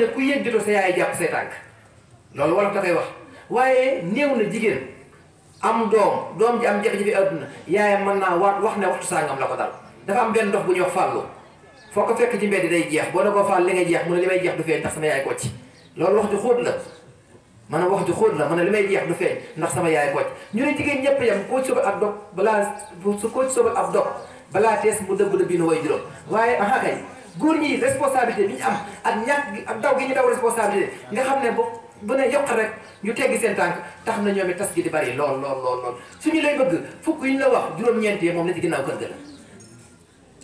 ne ku yëggatoo sa yaay jàpp say tànk loolu wolof da koy wax waaye néew na jigéen am doom doom ji am jafe-jafe àdduna yaayam mën naa waat wax ne waxtu sàngam la ko dal dafa am benn ndox bu ñuy wax fàllu foo ko fekk ci mbedd day jeex boo ne koo fàll li nga jeex mu ne li may jeex du feeñ ndax sama yaay ko ci loolu wax ju xóot la wax ju xóot la ma ne li may jeex du feeñ ndax sama yaay ko ñu ne jigéen ñëpp yam koo ci sobal ab dog balaa su koo sobal ab dog balaa tees mu dëbb la bii nu way juróom waaye aha kay góor ñi responsabilité bi ñu am ak ñàkk ak daw gi ñu daw responsabilité nga xam ne boo bu ne yokk rek ñu teggi seen tànk tax na ñoom it tas gi di bari lool lool lool su ñu lay bëgg fukk yu ñu la wax juróom-ñeent yi moom la ci ginnaaw kër ga la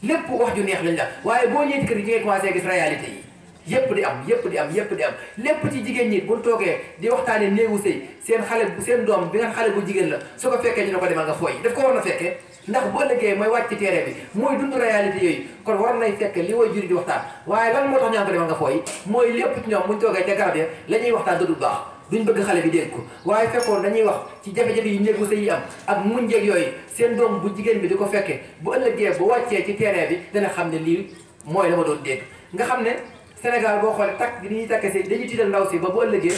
lépp wax ju neex lañ la waaye boo ñeenti kër gi ngay commencé gis réalité yi yépp di am yëpp di am yépp di lépp ci jigéen ñi bu toogee di waxtaanee néegu sëy seen xale seen doom bi nga xale bu jigéen la su ko fekkee ñu ne ko demal nga fooy daf ko war na fekkee ndax bu ëllëgee mooy wàcc ci terrain bi mooy dund réalité yooyu kon war nay fekk li way juri di waxtaan waaye lan moo tax ñaan nga fooy mooy lépp ci ñoom muñ toogee ca garab ya la ñuy waxtaan du baax duñ bëgg xale bi dégg ko waaye fekkoon dañuy wax ci jafe-jafe yi néegu sëy yi am ak muñ jeeg yooyu seen doom bu jigéen bi di ko fekkee bu ëllëgee bu wàccee ci terrain bi dana xam ne lii mooy la doon dégg nga xam ne Sénégal boo xoolee takk gi ñuy takkee sëy dañuy tiital ndaw si ba bu ëllëgee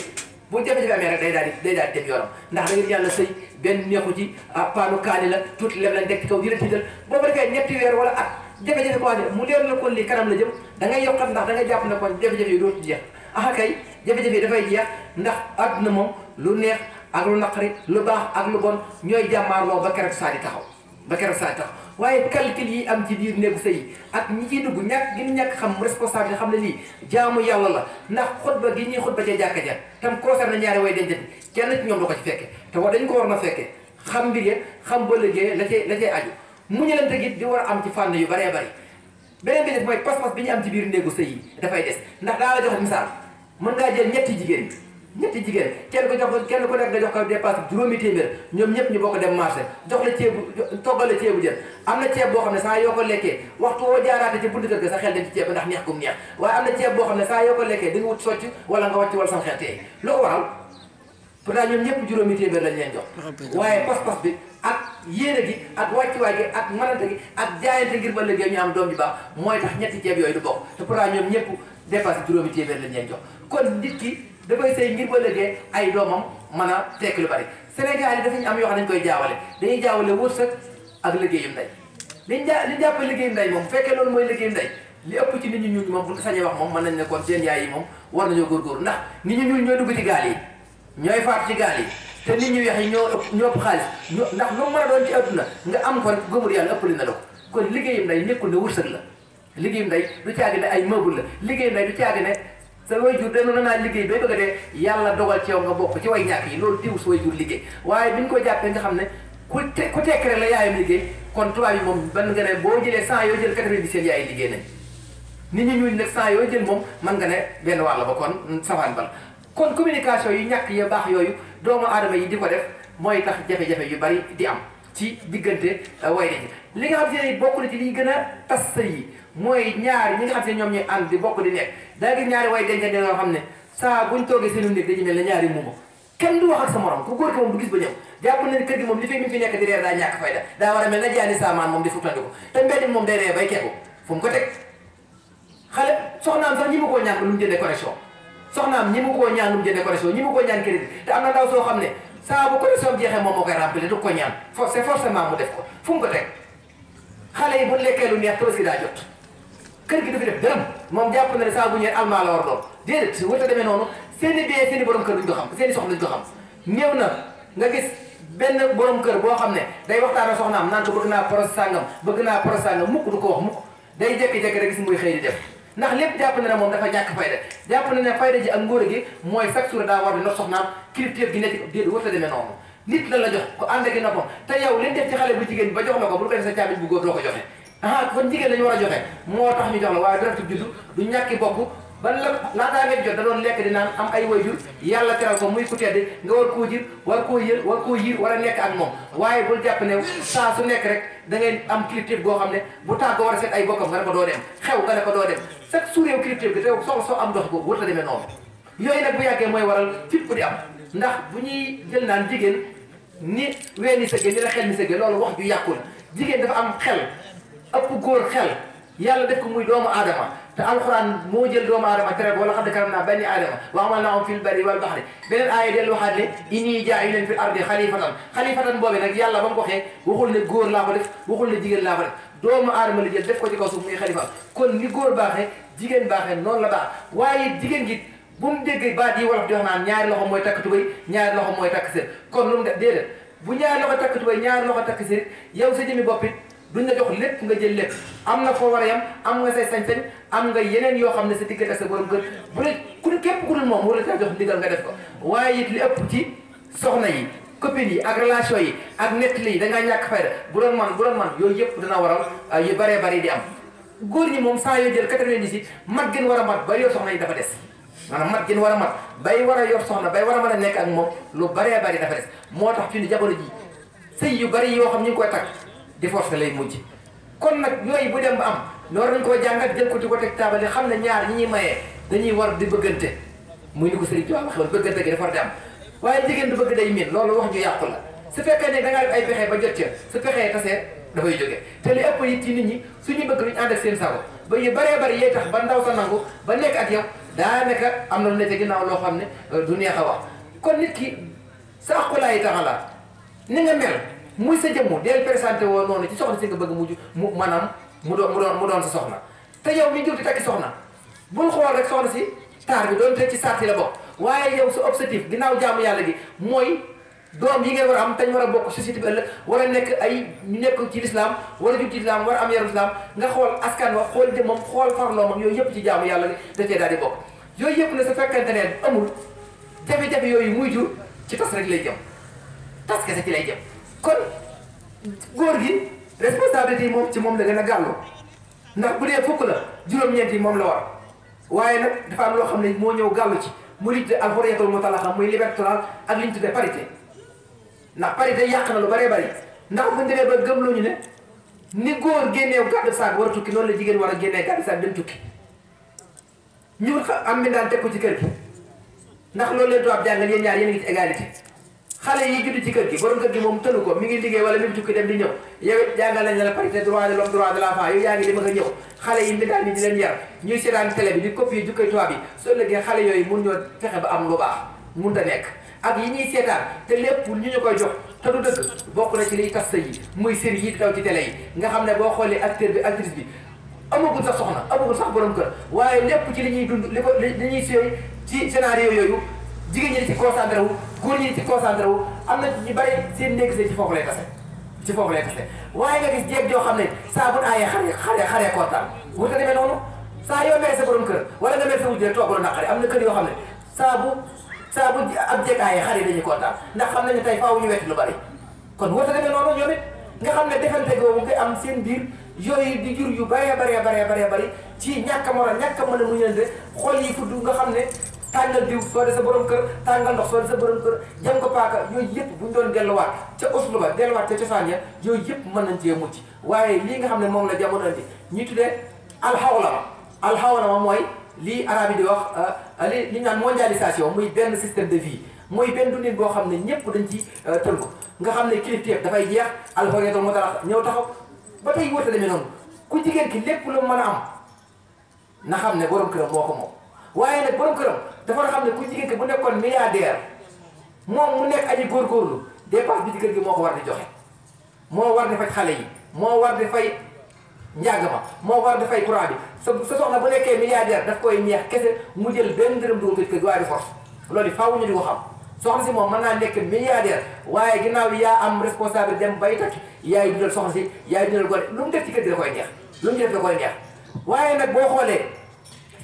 bu jafe-jafe amee rek day daal di day daal di dem yoonam ndax da ngeen yàlla sëy benn neexu ci ah, paanu kaani la tuuti lem la dekk ci kaw di la tiital boo ko defee ñetti weer wala jafe-jafe mu leer la kon lii kanam la jëm da ngay yokkat ndax da jàpp ne kon jafe-jafe yi dootu jeex ah kay jafe-jafe yi dafay jeex ndax na moom lu neex ak lu naqari lu baax ak lu bon ñooy jàmmaarloo ba keroog saa di taxaw ba keroog saa tax waaye calcul yi am ci biir néegu sëy ak ñi ciy dugg ñàkk gi nu ñàkk xam responsable xam ne lii jaamu yàlla la ndax xutba gi ñuy xutba ca jàkka ja tam concerne ñaari way dencante kenn ci ñoom du ko ci fekke te wax dañ ko war na fekke xam mbir ya xam ba liggéey la cay la cay aju mu ñu leen tegit di war a am ci fànn yu bëree bëri beneen bi def mooy pas-pas bi ñu am ci biir néegu sëy yi dafay des ndax daa la jox misaal mën ngaa jël ñetti jigéen ñetti jigéen kenn ko jox kenn ku nekk nga jox ko dépasse juróomi téeméer ñoom ñëpp ñu bokk dem marché jox la ceebu toggal la ceebu jën am na ceeb boo xam ne saa yoo ko lekkee waxtu woo jaaraate ci buntu kër ga sa ne saa nga wut socc wala xel tey loo ko waral pourtant ñoom ñëpp juróomi téeméer lañ leen jox waaye pas-pas bi ak yéene gi ak wàccuwaay gi ak manante gi ak jaayante ngir ba liggéey ñu am doom ju baax mooy tax ñetti ceeb yooyu du bokk te pourtant ñoom ñëpp dépasse juróomi téeméer lañ leen dafay sëy ngir ba léegi ay doomam man a tekk lu bari Sénégal yi dafa ñu am yoo xam dañ koy jaawale dañuy jaawale wërsëg ak liggéeyu ndey liñ ja liñ jàppee liggéeyu ndey moom bu fekkee loolu mooy liggéeyu ndey li ëpp ci nit ñu ñuul moom bu sañee wax moom mën nañ ne kon seen yaay yi moom war nañoo góorgóorlu ndax nit ñu ñuul ñoo dugg ci gaal yi ñooy faatu ci gaal yi te nit ñu weex yi ñoo ëpp ñoo xaalis ndax lu mën a doon ci adduna nga am ko rek gëmul yàlla ëppali na la ko kon liggéeyam nday nekkul ne wërsëg la liggéeyam nday du caagi ay meuble la liggéeyam nday du caagi ne sa way jur dana naa liggéey bay bëgg a dee yàlla dogal ci yow nga bokk ci way ñàkk yi loolu diw sa way jur liggéey waaye bi ñu ko jàppee nga xam ne ku te ku tekk la yaayam liggéey kon tubaab yi moom ban nga ne boo jëlee cent yoo jël quatre-vingt-dix seen yaay liggéey nañ nit ñi ñuul nag cent yoo jël moom man nga ne benn wàll ba kon safaan bal kon communication yu ñàkk ya baax yooyu doomu aadama yi di ko def mooy tax jafe-jafe yu bari di am ci diggante uh, way li nga xam si bokk na ci liy gën a tas sëy yi mooy ñaari ñi nga xam ne ñoom ñuy ànd di bokk di nekk daa gis ñaari way dencante nga xam ne saa buñ toogee seenu nekk dañu mel ne ñaari moomo kenn du wax ak sa morom ku góor ki moom du gis ba ñëw jàpp na ne kër gi moom li fekk mi fi nekk di reer daa ñàkk fayda daa war a mel na jaani saamaan moom di futtandi ko te mbedd moom day ree bay keeku fu mu ko teg xale soxnaam sax ñi mu koo ñaan lu mu jëndee connexion soxnaam ñi mu koo ñaan lu mu jëndee connexion ñi mu koo ñaan crédit te am na ndaw soo xam ne saa bu connexion jeexee moom moo koy rempli du ko ñaan forcé forcément mu def ko fu mu ko teg xale yi bu lekkee lu neex tabaski daa jot kër gi du fi def moom jàpp na ne saa bu ñëwee la war doon déedéet wër ta demee noonu seen i bee seen i borom kër duñ ko xam seen soxla duñ ko xam na nga gis benn borom kër boo xam ne day waxtaan ak soxnaam naan ko bëgg naa projet sàngam bëgg naa projet sàngam mukk du ko wax mukk day jékki-jékki rek gis muy xëy def ndax lépp jàpp na ne moom dafa ñàkk fayda jàpp na ne fayda ji ak ngóor gi mooy chaque jour daa war di not soxnaam kilifteef gi nekk déedéet wër ta noonu nit la la jox ko ànd na ko te yow leen def ci xale bu jigéen ba jox la ko bu ko def sa ah kon jigéen lañu war a joxe moo tax ñu jox la waaye dara juddu du ñàkki bopp ba la laataa ngeen jot da doon lekk di naan am ay wayjur yàlla teral ko muy ku tedd nga war koo jir war koo yël war koo yiir war a nekk ak moom waaye bul jàpp ne saa su nekk rek da ngay am kilifteef boo xam ne bu tàggoo war a seet ay bokkam nga ne ko doo dem xew nga ne ko doo dem chaque jour yow kilifteef gi te soo soo am dox ko wër la demee noonu yooyu nag bu yàggee mooy waral fipp di am ndax bu jigéen ni ween ni sëggee ni la xel wax ju yàqu la jigéen dafa am xel ëpp góor xel yàlla def ko muy doomu aadama te alxuraan moo jël doomu aadama tere ko wala xadd karam naa bani aadama wa amalnaahum fil barri wal baxri beneen aaya dellu waxaat ne inni jaa'ilun fil ardi xalifatan xalifatan boobu nag yàlla ba mu ko waxee waxul ne góor laa ko def waxul ne jigéen laa ko def doomu aadama la jël def ko ci kaw suuf muy xalifa kon ni góor baaxee jigéen baaxee noonu la baax waaye jigéen gi bu mu dégg baat yi wolof di wax naan ñaari loxo mooy takk tubay ñaari loxo mooy takk sër kon lu mu def déedéet bu ñaari loxo takk tubay ñaari loxo takk sër yow sa jëmi bopp it duñ la jox lépp nga jël lépp am na foo war a yam am nga say sañ-sañ am nga yeneen yoo xam ne sa diggante ak sa borom kër bu ne ku képp ku dul moom wala taa jox ndigal nga def ko waaye ëpp ci soxna yi copines yi ak yi ak nettali yi dangaa ñàkk fayda bu doon man bu yëpp dana waral ah, yu bëree bëri di am góor ñi moom saa yoo jël 90 mat gën war a mat bari soxna yi dafa des maanaam mat gën war a mat bay war a yor soxna bay war a mën a nekk ak moom lu bëree bari dafa des moo tax fi ni jamono ji sëy yu bëri yoo xam ñu ngi koy divorce lay mujj kon nag yooyu bu dem ba am loolu nañ koo jàngat jël ko di ko teg taabal xam ne ñaar ñi ñuy mayee dañuy war di bëggante mu ni ko Serigne Touba waxee woon bëggante di am waaye jigéen du bëgg day miin loolu wax su fekkee ne da ngaa ay pexe ba jot ca su pexee tasee dafay jóge te li ëpp it ci nit ñi suñu bëgg duñu ànd ak seen sago ba yu baree bari yee tax ba ndaw sa nangu ba nekk ak yow daanaka am na lu ne ca ginnaaw loo xam ne euh, du neex a wax kon nit ki sa aqulaayi taxalaa ni nga mel muy sa jëmm del présenté woon noonu ci soxna si nga bëgg mujj mu maanaam mu doon mu doon mu doon sa soxna te yow mi jur di takki soxna bul xool rek soxna si taar bi doon te ci saat si la bokk waaye yow su objectif ginnaaw jàmm yàlla gi mooy doom yi ngeen war a am tañ war a bokk société bi ëllëg war a nekk ay ñu nekk ci lislaam war a jub ci lislaam war a am yaru lislaam nga xool askan wa xool jëmmam xool farloo mam yooyu yëpp ci jàmm yàlla da cee daal di bokk yooyu yëpp ne sa fekkante ne amul jafe yooyu muy jur ci tas rek lay jëm tas kese ci lay jëm kon góor gi responsabilité yi moom ci moom la gën a gàllu ndax bu dee fukk la juróom-ñeent yi moom la war waaye nag dafa am loo xam ne moo ñëw gàllu ci mu li tuddee alxuriyatul mutalaqa muy liberté totale ak li ñu de parité ndax parité yàq na lu bëree bëri ndax bu ñu ba gëm lu ñu ne ni góor génneew gàddu saak war a tukki loolu la jigéen war a génnee gàddu saak dem tukki ñu am mi daan teg ko ci kër gi ndax loolu leen tubaab jàngal yéen ñaar yéen a égalité xale yi judd ci kër gi borom kër gi moom tënu ko mi ngi liggéey wala mi ngi tukki dem di ñëw yow jàngal nañ la parité droit de l'homme droit de la femme yow yaa ngi dem ak a ñëw xale yi mbindaan ni di leen yar ñuy seetaan télé bi di copier jukkay tubaab bi soo lëggee xale yooyu mun ñoo fexe ba am lu baax mun ta nekk ak yi ñuy seetaan te lépp ñu ñu koy jox te du dëgg bokk na ci liy tas sa yi muy sér yi di daw ci télé yi nga xam ne boo xoolee acteur bi actrice bi amagul sax soxna amagul sax borom kër waaye lépp ci li ñuy dund li ko li ñuy sooy ci scénario yooyu jigéen ñi di ci concentré wu góor ñi ci concentré wu am na ñu bari seen néeg ci foofu lay tase ci foofu lay tase waaye nga gis jéeg xam ne saa bu aayee xare xare xaree kontaan wuta demee noonu saa yoo mere sa borom kër wala nga mere sa na kër yoo xam ne saa bu saa bu ab jéeg aayee xare dañuy kontaan ndax xam nañu tay faaw ñu wetti lu bari kon wuta demee noonu ñoom nga xam ne defante googu nga am seen biir yooyu di jur yu bëree bëree bëree bare bëri ci ñàkk a moral ñàkk a mën a muñante xol yi fudd nga xam ne tàngal diw soo dee sa borom kër tàngal ndox soo dee sa borom kër jëm ko paaka yooyu yëpp buñ doon delluwaat ca uslu ba delluwaat ca cosaan ya yooyu yëpp mën nañ cee mucc waaye lii nga xam ne moom la jamono di ñu tuddee alxawlama alxawlama mooy lii arabe yi di wax euh, li li ñu naan mondialisation muy benn système de vie mooy benn dundin boo xam ne ñëpp dañ ci euh, ko nga xam ne kilifteef dafay jeex alxuriyatu moo tax ñëw taxaw ba tey wóote demee noonu ku jigéen ki lépp lu mën am na xam ne borom këram moo ko dafa xam ne ku jigéen ki bu nekkoon milliardaire moom mu nekk aji góorgóorlu dépense bi ci kër gi moo ko war di joxe moo war di faj xale yi moo war di fay njàng ma moo war di fay courant bi sa sa soxna bu nekkee milliardaire daf koy ñeex kese mu jël benn dërëm dugal ko ci loolu faaw ñu di ko xam soxna si moom mën naa nekk milliardaire waaye ginnaaw yaa am responsable dem bay takk yaay dundal soxna si yaay dundal gone lu mu def ci kër gi da koy neex lu mu def koy neex waaye nag xoolee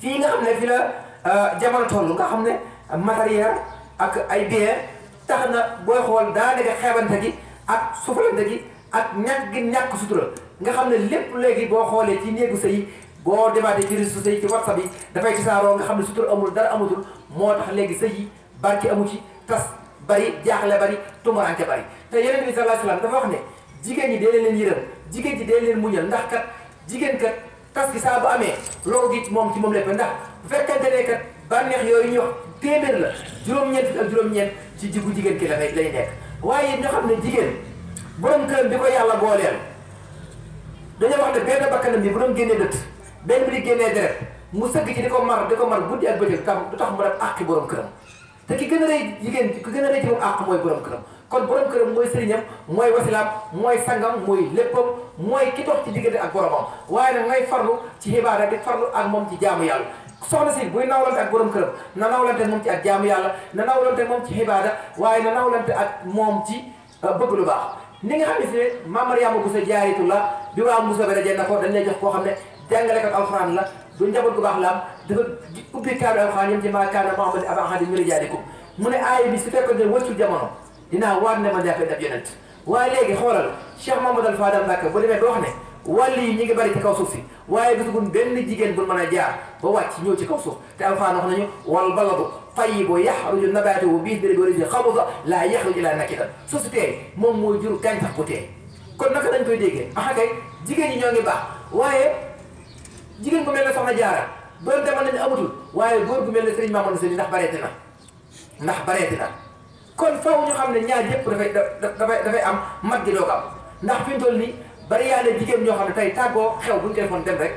fii nga xam ne Euh, jamono toll nga xam ne matériel ak ay bien tax na booy xool daanaka xeebante gi ak sufalante gi ak ñàkk gi ñàkk sutura nga xam ne lépp léegi boo xoolee ci néegu sëy boo demaatee ci réseaux yi ci whatsapp yi dafay tasaaroo nga xam ne sutura amul dara amatul moo tax léegi sëy yi barki amu ci tas bari jaaxle bari tumuraanke bari te yeneen bi sallallahu alayhi wasallam dafa wax ne jigéen ñi dee leen leen yërëm jigéen ñi dee leen muñal ndax kat jigéen kat tas gi saa bu amee loolu gi moom ci moom lépp ndax bu fekkee ne kat bànneex yooyu ñuy wax téeméer la juróom-ñeent ak juróom-ñeent ci jigu jigéen ki la lay nekk waaye ñoo xam ne jigéen borom këram bi ko yàlla booleel dañoo wax ne benn bakkanam bi bu doon génnee dëtt benn bi di génnee deret mu sëgg ci di ko mar di ko mar guddi ak bëccëg tax du tax mu def àqi borom këram te ki gën a rëy jigéen ki gën a rëy ci àq mooy borom këram kon borom këram mooy sëriñam mooy wasilaam mooy sangam mooy léppam mooy ki dox ci diggante ak boromam waaye nag ngay farlu ci ibaada di farlu ak moom ci jaamu yàlla soxna si buy nawlante ak borom këram na nawlante moom ci ak jaamu yàlla na nawlante moom ci ibaada waaye na nawlante ak moom ci euh, bëgg lu baax ni nga xam ne si ne Mame Mariama Bousso Diarratou bi waa Moussa bi dajee na ko dañ jox koo xam ne jàngalekat alxuraan la du njaboot gu baax ci jamono dina war ne man jàppee ab yonent waaye léegi xoolal Cheikh Mamadou Al Fadal Mbacké bu demee ba wax ne wàlli yi ñi ngi bari ci kaw suuf si waaye gisagun benn jigéen bu mën a jaar ba wàcc ñëw ci kaw suuf te alxuraan wax nañu wal baladu tayyibu yaxruju nabaatuhu bi idni rajulin xabusa laa yaxruju illaa nakidan suuf si teey moom mooy jur gàncax bu teey kon naka dañ koy déggee ah kay jigéen ñi ñoo ngi baax waaye jigéen bu mel soxna jaara doon demal nañu amatul waaye góor bu mel ne Mamadou Sëriñ ndax bareeti na ndax bareeti na kon foofu ñu xam ne ñaar yëpp dafay dafay dafay am mag gi doo ko ndax fi mu toll nii bari yaa ne jigéen ñoo xam ne tey tàggoo xew bu ñu dem rek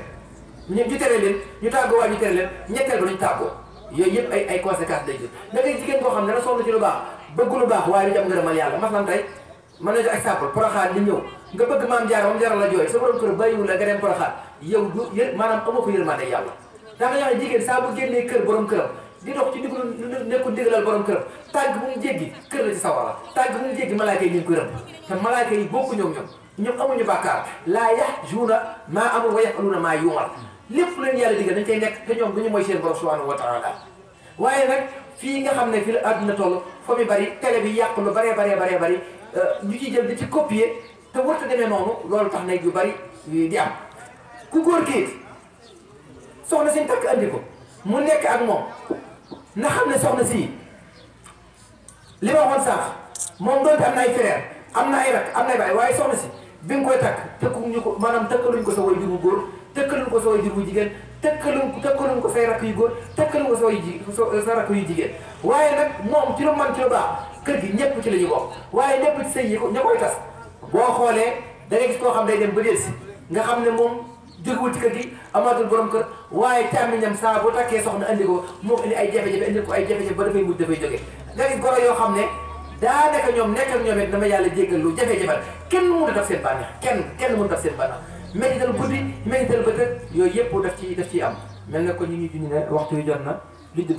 ñu ñu tere leen ñu tàggoo waa ñu tere leen ñetteel ba duñu tàggoo yooyu yëpp ay ay conséquences lay jël naka jigéen boo xam ne la soxla ci lu baax bëgg lu baax waaye du am ngërëmal yàlla mas nan tey mën na jox exemple poroxaan li ñëw nga bëgg maam jaar moom jaral la jooy sa borom kër bàyyiwul la nga dem poroxaan yow du yër maanaam amoo ko yërmande yàlla daa nga jigéen saa bu génnee kër borom këram di dox ci ndigalu nekkul ndigalal borom këram tànk bu mu jéggi kër la ci sawara tànk bu mu jéggi malaayka yi ñu ngi yi bokku ñoom ñoom ñoom amuñu bàkkaar laa yahjuuna maa amul wa yafaluuna maa yuumal lépp leen yàlla digal dañ cay nekk te dañu mooy seen borom subhanahu wa taala waaye nag fii nga xam ne fii la àdduna toll fo mi bari télé yàq lu baree baree baree bari euh, ñu ciy jël di ci copier te warta demee noonu loolu tax nag yu bari di am ku góor kii soxna seen takk andi ko mu nekk ak moom na xam ne soxna si li ma waxoon sax moom doonte am na ay am na ay rak am na ay waaye soxna si bi nga koy takk tëkkuñu ko maanaam tëkkaluñ ko sa way jur bu góor tëkkaluñ ko sa way jur bu jigéen tëkkaluñ tëkkaluñ ko say rakk yu góor tëkkaluñ ko sa way ji sa rakk yu jigéen waaye nag moom ci lu man ci lu baax kër gi ñëpp ci la ñu waaye ñëpp ci sëy yi ko ña koy tas boo xoolee da ngay gis koo xam day dem ba si nga xam ne moom jógewul ci kër gi amaatul borom kër waaye càmmiñam saa bu takkee soxna andi ko moo indi ay jafe-jafe indi ko ay jafe-jafe ba dafay mujj dafay jóge nga gis yoo xam ne daanaka ñoom nekk ak ñoom it dama yàlla jéggal lu jafe-jafe kenn mënut a daf seen bànneex kenn kenn mënut a daf seen bànneex médital guddi médital bëccëg yooyu yëpp daf ci daf ciy am mel na ko ñu ngi junñu ne waxtu yu jot na li